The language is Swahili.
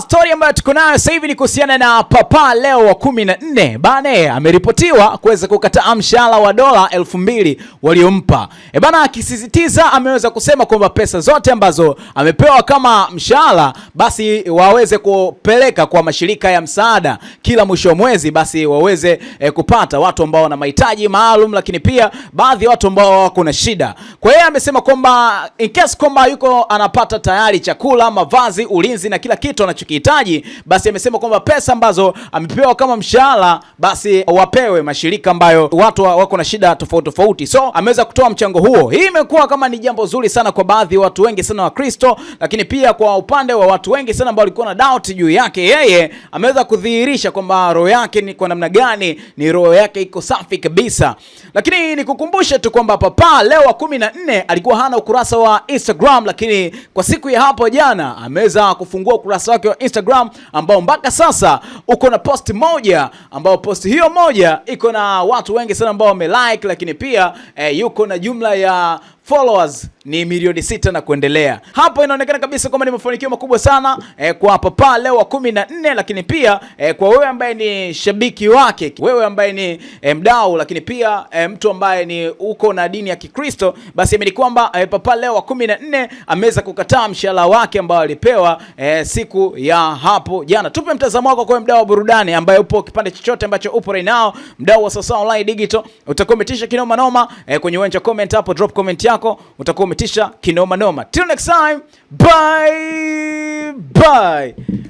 story stori ambayo tuko nayo sasa hivi ni kuhusiana na Papa Leo wa kumi na eh, ameripotiwa kuweza kukataa mshahara wa dola elfu mbili waliompa e bana, akisisitiza ameweza kusema kwamba pesa zote ambazo amepewa kama mshahara basi waweze kupeleka kwa mashirika ya msaada kila mwisho wa mwezi, basi waweze e, kupata watu ambao wana mahitaji maalum, lakini pia baadhi ya watu ambao wako na shida. Kwa hiyo amesema kwamba in case kwamba yuko anapata tayari chakula, mavazi, ulinzi na kila kitu anacho wanachokihitaji, basi amesema kwamba pesa ambazo amepewa kama mshahara basi wapewe mashirika ambayo watu wako na shida tofauti tofauti. So ameweza kutoa mchango huo. Hii imekuwa kama ni jambo zuri sana kwa baadhi ya watu wengi sana wa Kristo, lakini pia kwa upande wa watu wengi sana ambao walikuwa na doubt juu yake, yeye ameweza kudhihirisha kwamba roho yake ni kwa namna gani, ni roho yake iko safi kabisa. Lakini nikukumbushe tu kwamba Papa Leo wa 14 alikuwa hana ukurasa wa Instagram, lakini kwa siku ya hapo jana ameweza kufungua ukurasa wake wa Instagram ambao mpaka sasa uko na post moja, ambao post hiyo moja iko na watu wengi sana ambao wamelike, lakini pia eh, yuko na jumla ya followers ni milioni sita na kuendelea. Hapo inaonekana kabisa kwamba ni mafanikio makubwa sana eh, kwa Papaa Leo wa kumi na nne, lakini pia eh, kwa wewe ambaye ni shabiki wake, wewe ambaye ni eh, mdau, lakini pia eh, mtu ambaye ni uko na dini ya Kikristo, basi imeni kwamba eh, Papa Leo wa kumi na nne ameweza kukataa mshahara wake ambao alipewa eh, siku ya hapo jana. Tupe mtazamo wako kwa mdau wa burudani ambaye upo kipande chochote ambacho upo right now, mdau wa Sawasawa Online Digital, utakuwa umetisha kinoma noma eh, kwenye uwanja comment hapo, drop comment yako, utakuwa umetisha kinoma noma. Till next time, bye bye.